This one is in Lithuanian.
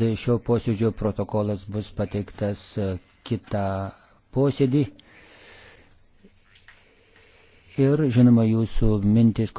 kad šio posėdžio protokolas bus pateiktas e, kitą posėdį. Ir, žinoma, jūsų mintis.